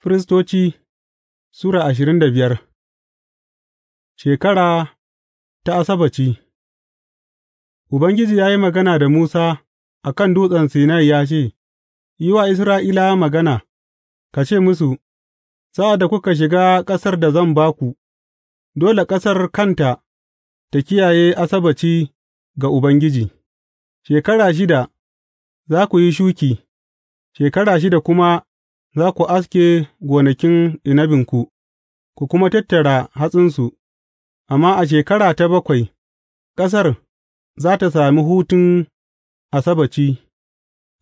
Firistoci Sura ashirin da biyar Shekara ta Asabaci. Ubangiji ya yi magana da Musa a kan Dutsen Sinai ya ce, Yi wa Isra'ila magana, ka ce musu, Sa'ad da kuka shiga ƙasar da zan ba ku, dole ƙasar kanta ta kiyaye asabaci ga Ubangiji, shekara shida za ku yi shuki, shekara shida kuma Za ku aske gonakin inabinku, ku kuma tattara hatsinsu, amma a shekara ta bakwai, ƙasar za tă sami hutun Asabaci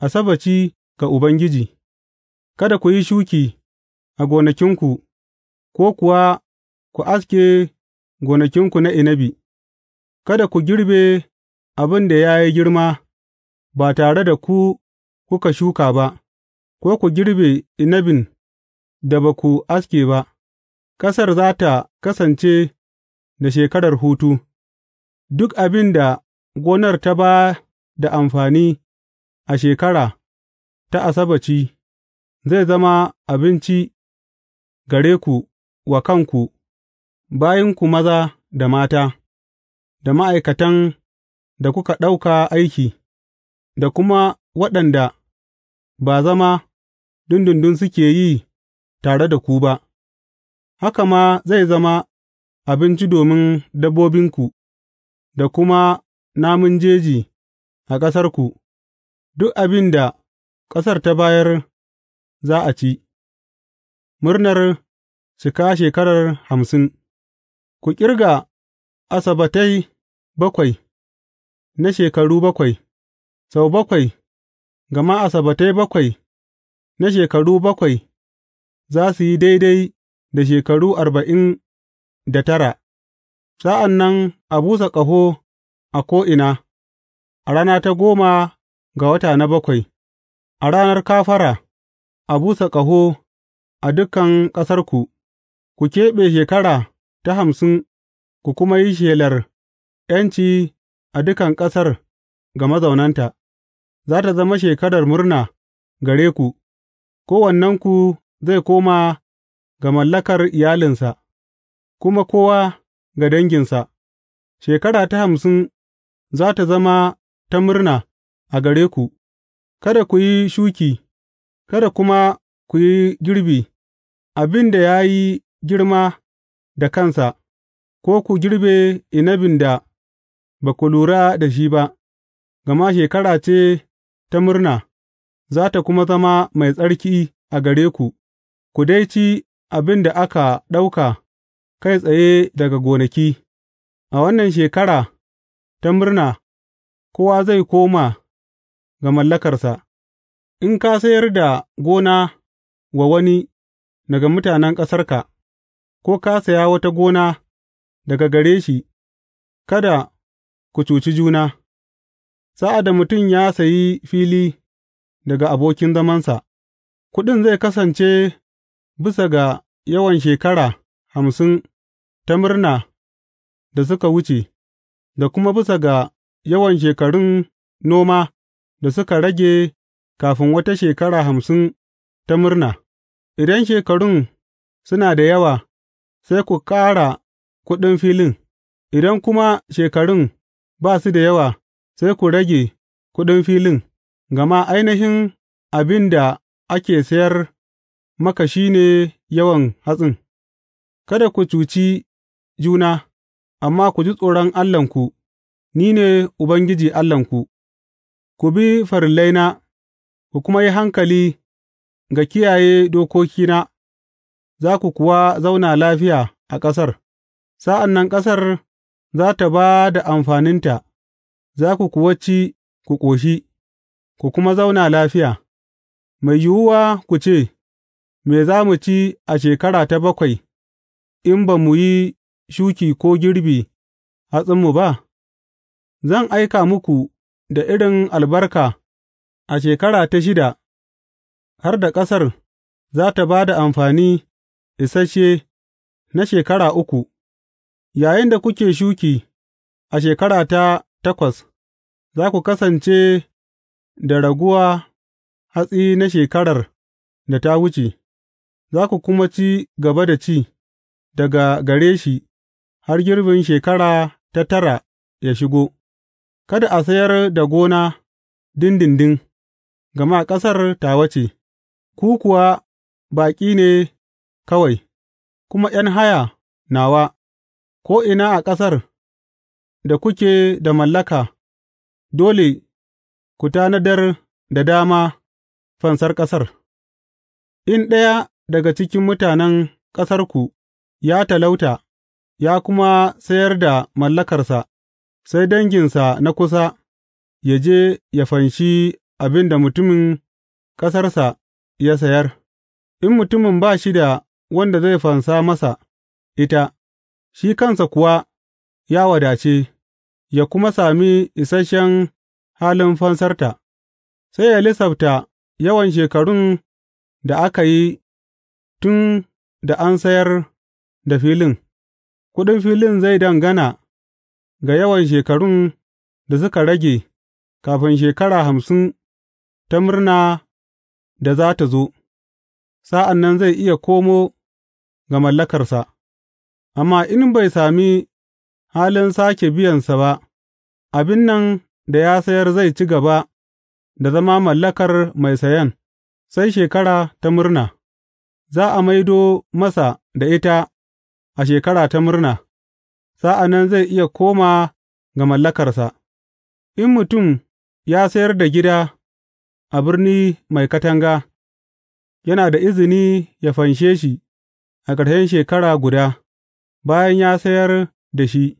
asabaci ga Ubangiji; kada ku yi shuki a gonakinku, ko kuwa ku aske gonakinku na inabi, kada ku girbe abin da ya yi girma ba tare da ku kuka shuka ba. ko ku girbe inabin da ba ku aske ba, ƙasar za tă kasance da shekarar hutu, duk abin da gonar ta ba da amfani a shekara ta Asabaci zai zama abinci gare ku wa kanku, bayinku maza da mata, da ma'aikatan da kuka ɗauka aiki, da kuma waɗanda ba zama dundundun suke yi tare da ku ba, haka ma zai zama abinci domin dabbobinku da kuma namun jeji a ƙasarku, duk abin da ƙasar ta bayar za a ci, murnar cika shekarar hamsin, ku ƙirga asabatai bakwai na shekaru bakwai, sau bakwai Gama Asabbatai bakwai na shekaru bakwai za su yi daidai da shekaru arba'in da tara, sa'an nan a busa ƙaho a ko'ina a rana ta goma ga wata na bakwai, a ranar kafara, a busa ƙaho a dukan ƙasarku, ku keɓe shekara ta hamsin ku kuma yi shelar ’yanci a dukan ƙasar ga mazaunanta. za tă zama shekarar murna gare ku, kowannenku zai koma ga mallakar iyalinsa, kuma kowa ga danginsa, shekara ta hamsin za tă zama ta murna a gare ku, kada ku yi shuki, kada kuma ku yi girbi abin da ya yi girma da kansa, ko ku girbe inabin da ba ku lura da shi ba, gama shekara ce ta murna, za tă kuma zama mai tsarki a gare ku, ku dai ci abin da aka ɗauka kai tsaye daga gonaki, a wannan shekara ta murna, kowa zai koma ga mallakarsa, in ka sayar da gona wa wani daga mutanen ƙasarka, ko ka saya wata gona daga gare shi, kada ku cuci juna. Sa'ad da mutum ya sayi fili daga abokin zamansa, kuɗin zai kasance bisa ga yawan shekara hamsin ta murna da suka wuce, da kuma bisa ga yawan shekarun noma da suka rage kafin wata shekara hamsin ta murna, idan shekarun suna da yawa, sai ku ƙara kuɗin filin, idan kuma shekarun ba su da yawa. sai ku rage kuɗin filin, gama ainihin abin da ake sayar maka shi ne yawan hatsin, kada ku cuci juna, amma ku ji tsoron Allahnku, ni ne Ubangiji Allahnku, ku bi farillaina, ku kuma yi hankali ga kiyaye dokokina, za ku kuwa zauna lafiya a ƙasar, sa'an nan ƙasar za ta ba da amfaninta. za ku kuwa ci ku ƙoshi, ku kuma zauna lafiya, mai yiwuwa ku ce, Me za mu ci a shekara ta bakwai, in ba mu yi shuki ko girbi hatsinmu ba? Zan aika muku da irin albarka a shekara ta shida, har da ƙasar za ta ba da amfani isasshe na shekara uku, da kuke shuki a shekara ta takwas, za ku kasance da raguwa hatsi na shekarar da ta wuce, za ku kuma ci gaba da ci daga gare shi har girbin shekara ta tara ya shigo, kada a sayar da gona dindindin, gama ƙasar ta wace. ku kuwa baƙi ne kawai, kuma ’yan haya nawa, ko'ina a ƙasar. da kuke da mallaka, dole ku tanadar da dama fansar ƙasar, in ɗaya daga cikin mutanen ƙasarku ya talauta, ya kuma sayar da mallakarsa, sai danginsa na kusa ya je ya fanshi abin da mutumin ƙasarsa ya sayar, in mutumin ba shi da wanda zai fansa masa ita, shi kansa kuwa ya wadace. ya kuma sami isashen halin fansarta, sai ya lissafta yawan shekarun da aka yi tun da an sayar da filin, kuɗin filin zai dangana ga yawan shekarun da suka rage kafin shekara hamsin ta murna da za ta zo, sa'an nan zai iya komo ga mallakarsa, amma in bai sami halin sāke biyansa ba, abin nan da ya sayar zai ci gaba da zama mallakar mai sayan, sai shekara ta murna, za a maido masa da ita a shekara ta murna, sa'an nan zai iya koma ga mallakarsa, in mutum ya sayar da gida a birni mai katanga, yana da izini ya fanshe shi a ƙarshen shekara guda, bayan ya sayar da shi,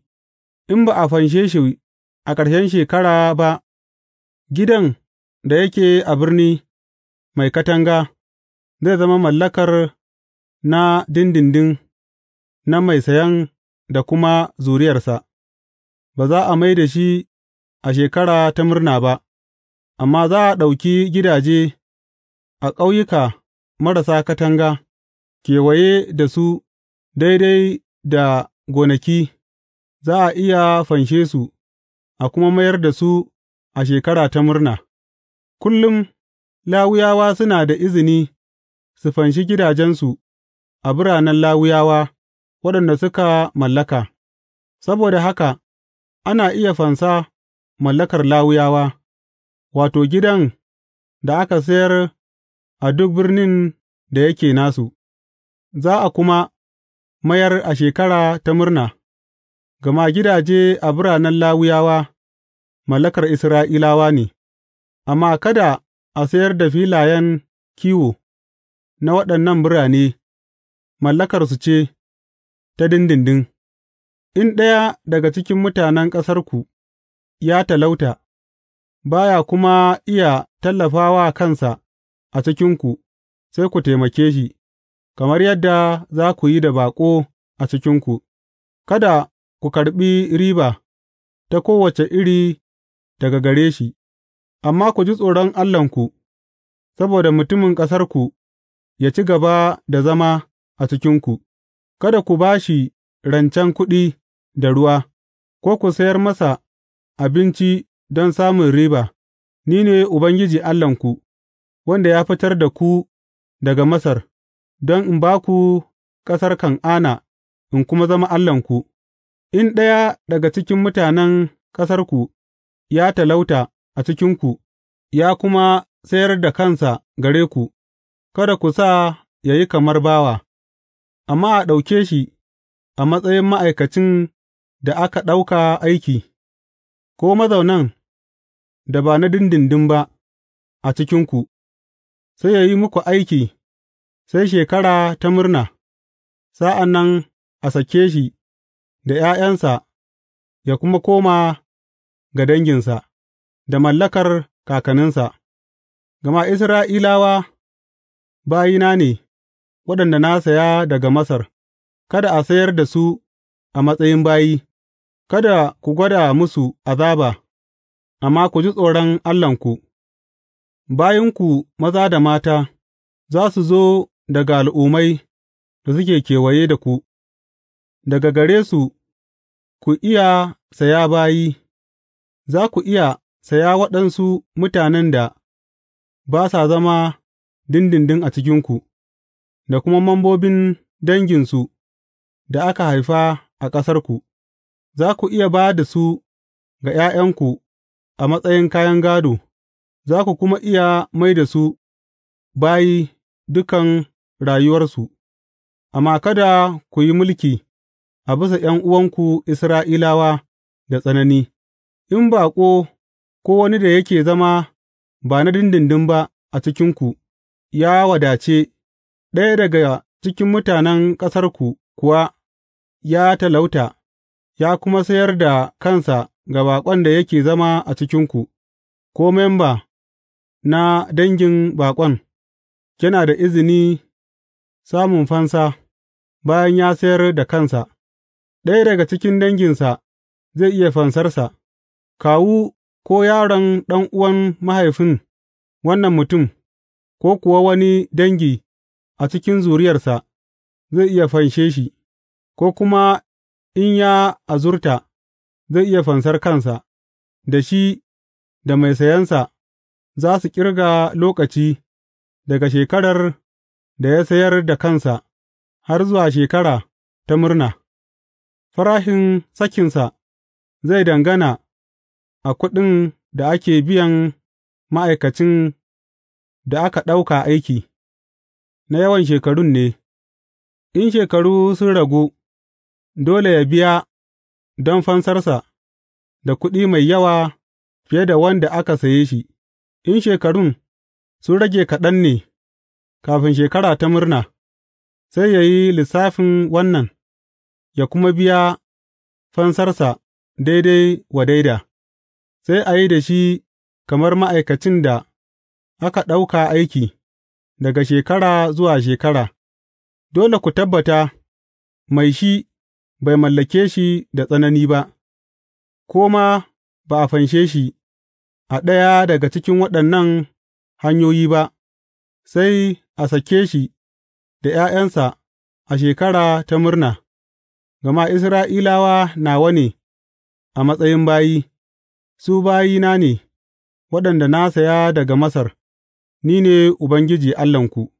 in ba a fanshe shi a ƙarshen shekara ba, gidan da yake a birni mai katanga zai zama mallakar na dindindin na mai sayan da kuma zuriyarsa, ba za a mai da shi a shekara ta murna ba, amma za a ɗauki gidaje a ƙauyuka marasa katanga kewaye da su daidai da gonaki. za a iya fanshe su a kuma mayar da su a Shekara ta Murna, kullum Lawiyawa suna da izini su fanshi gidajensu a biranen Lawiyawa waɗanda suka mallaka, saboda haka ana iya fansa mallakar Lawiyawa, wato, gidan da aka sayar a duk birnin da yake nasu, za a kuma mayar a Shekara ta Murna. gama gidaje a biranen Lawiyawa mallakar Isra'ilawa ne, amma kada a sayar da filayen kiwo na waɗannan birane, mallakarsu ce ta dindindin. in ɗaya daga cikin mutanen ƙasarku ya talauta, ba ya kuma iya tallafa wa kansa a cikinku, sai ku taimake shi, kamar yadda za ku yi da baƙo a cikinku, kada ku karɓi riba ta kowace iri daga gare shi, amma ku ji tsoron Allahnku, saboda mutumin ƙasarku ya ci gaba da zama a cikinku, kada ku ba shi rancen kuɗi da ruwa, ko ku sayar masa abinci don samun riba, ni ne Ubangiji Allahnku, wanda ya fitar da ku daga Masar, don in ba ku ƙasar Kan'ana in kuma zama Allahnku. In ɗaya daga cikin mutanen ƙasarku ya talauta a cikinku, ya kuma sayar da kansa gare ku, kada ku sa ya yi kamar bawa, amma a ɗauke shi a matsayin ma'aikacin da aka ɗauka aiki, ko mazaunan da ba na dindindin ba a cikinku, sai ya yi muku aiki sai Shekara ta Murna, sa'an nan a sake shi. da ’ya'yansa, ya kuma koma ga danginsa, da mallakar kakanninsa, gama Isra'ilawa bayina ne waɗanda na saya daga Masar, kada a sayar da su a matsayin bayi, kada ku gwada musu azaba, amma ku ji tsoron Allahnku, bayinku maza da mata za su zo daga al'ummai da suke kewaye da ku, daga gare su ku iya saya bayi, za ku iya saya waɗansu mutanen da ba sa zama dindindin a cikinku, da kuma mambobin danginsu da aka haifa a ƙasarku, za ku iya ba da su ga ’ya'yanku a matsayin kayan gado. za ku kuma iya mai da su bayi dukan rayuwarsu, amma kada ku yi mulki. a bisa ’yan'uwanku Isra'ilawa da tsanani, in baƙo ko wani da yake zama ba na dindindin ba a cikinku, ya wadace, ɗaya daga cikin mutanen ƙasarku kuwa ya talauta, ya kuma sayar da kansa ga baƙon da yake zama a cikinku, ko memba na dangin baƙon, yana da izini samun fansa bayan ya sayar da kansa. ɗaya daga cikin danginsa zai iya fansarsa, kawu ko yaron ɗan'uwan mahaifin wannan mutum, ko kuwa wani dangi a cikin zuriyarsa, zai iya fanshe shi, ko kuma in ya azurta, zai iya fansar kansa, da shi da mai sayansa za su ƙirga lokaci daga shekarar da ya sayar da kansa har zuwa shekara ta murna. Farashin sakinsa zai dangana a kuɗin da ake biyan ma'aikacin da aka ɗauka aiki, na yawan shekarun ne, in shekaru sun ragu, dole ya biya don fansarsa da kuɗi mai yawa fiye da wanda aka saye shi, in shekarun sun rage kaɗan ne kafin Shekara ta Murna, sai ya yi lissafin wannan. ya kuma biya fansarsa daidai wa daida, sai a yi da shi kamar ma'aikacin da aka ɗauka aiki daga shekara zuwa shekara, dole ku tabbata mai shi bai mallake shi da tsanani ba, ko ma ba a fanshe shi a ɗaya daga cikin waɗannan hanyoyi ba, sai a sake shi da ’ya'yansa a shekara ta murna. Gama Isra'ilawa nawa ne a matsayin bayi, su bayina ne, waɗanda na saya daga Masar, Ni ne Ubangiji Allahnku.